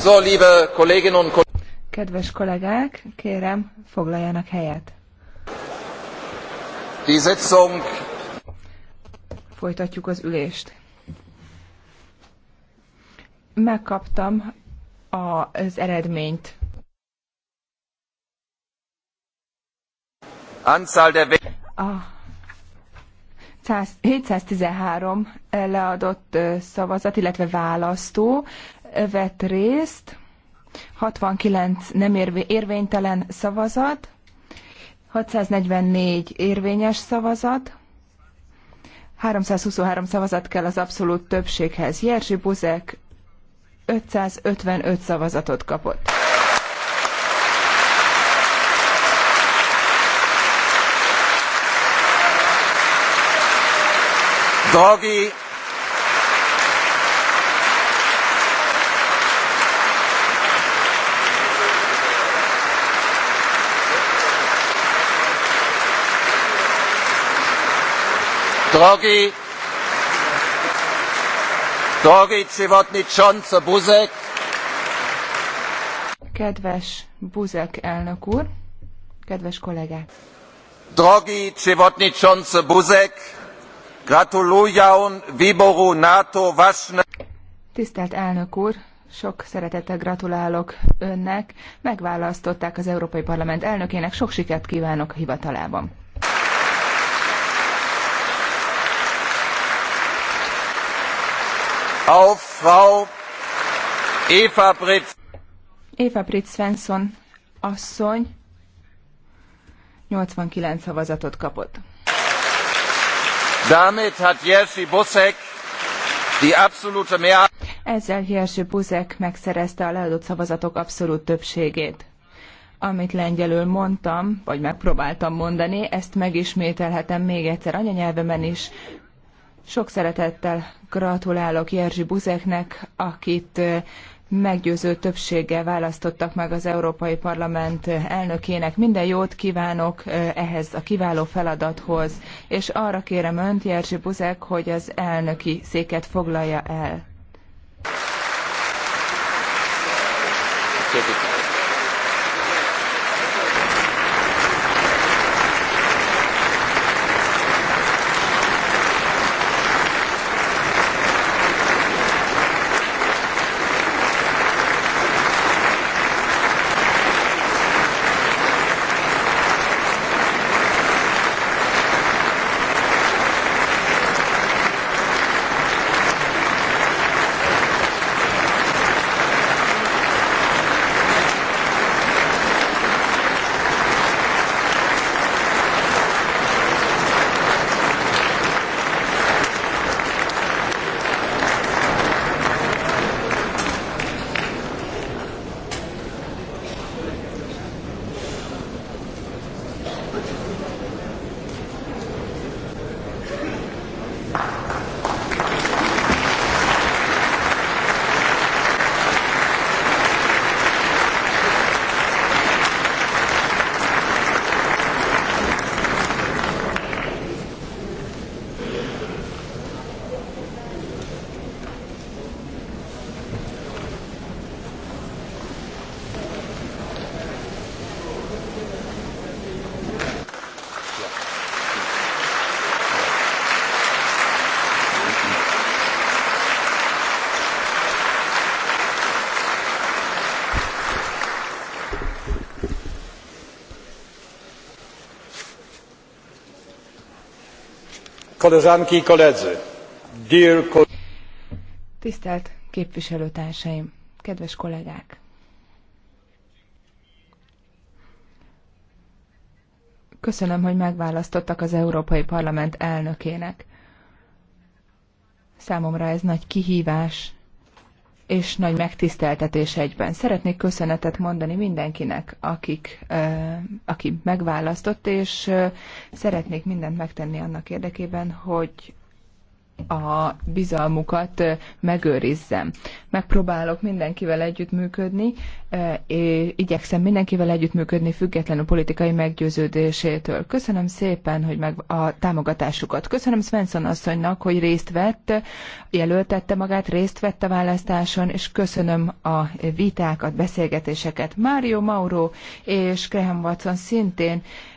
So, liebe Kolleginnen und Kollegen. Kedves kollégák, kérem, foglaljanak helyet. Die Sitzung. Folytatjuk az ülést. Megkaptam az eredményt. Anzahl der a 713 eh, leadott eh, szavazat, illetve választó eh, vett részt, 69 nem érvé, érvénytelen szavazat, 644 érvényes szavazat, 323 szavazat kell az abszolút többséghez. Jerzy Buzek 555 szavazatot kapott. Draghi Drogi, Drogi Csivotnicsonce Buzek. Kedves Buzek elnök úr, kedves kollégák. Drogi Csivotnicsonce Buzek. NATO Tisztelt elnök úr, sok szeretettel gratulálok önnek. Megválasztották az Európai Parlament elnökének. Sok sikert kívánok a hivatalában. Auf Frau Eva Britz. Eva Britz Svensson asszony 89 szavazatot kapott. Damit hat Jerzy Buzek die absolute Mehrheit. Ezzel Jerzy Buzek megszerezte a leadott szavazatok abszolút többségét. Amit lengyelül mondtam, vagy megpróbáltam mondani, ezt megismételhetem még egyszer anyanyelvemen is. Sok szeretettel gratulálok Jerzy Buzeknek, akit meggyőző többséggel választottak meg az Európai Parlament elnökének. Minden jót kívánok ehhez a kiváló feladathoz, és arra kérem Önt, Jerzy Buzek, hogy az elnöki széket foglalja el. Köszönöm. Koleżanki i koledzy, dear Tisztelt képviselőtársaim, kedves kollégák! Köszönöm, hogy megválasztottak az Európai Parlament elnökének. Számomra ez nagy kihívás, és nagy megtiszteltetés egyben. Szeretnék köszönetet mondani mindenkinek, akik, aki megválasztott, és szeretnék mindent megtenni annak érdekében, hogy a bizalmukat megőrizzem. Megpróbálok mindenkivel együttműködni, és igyekszem mindenkivel együttműködni függetlenül politikai meggyőződésétől. Köszönöm szépen, hogy meg a támogatásukat. Köszönöm Svensson asszonynak, hogy részt vett, jelöltette magát, részt vett a választáson, és köszönöm a vitákat, beszélgetéseket. Mário Mauro és Graham Watson szintén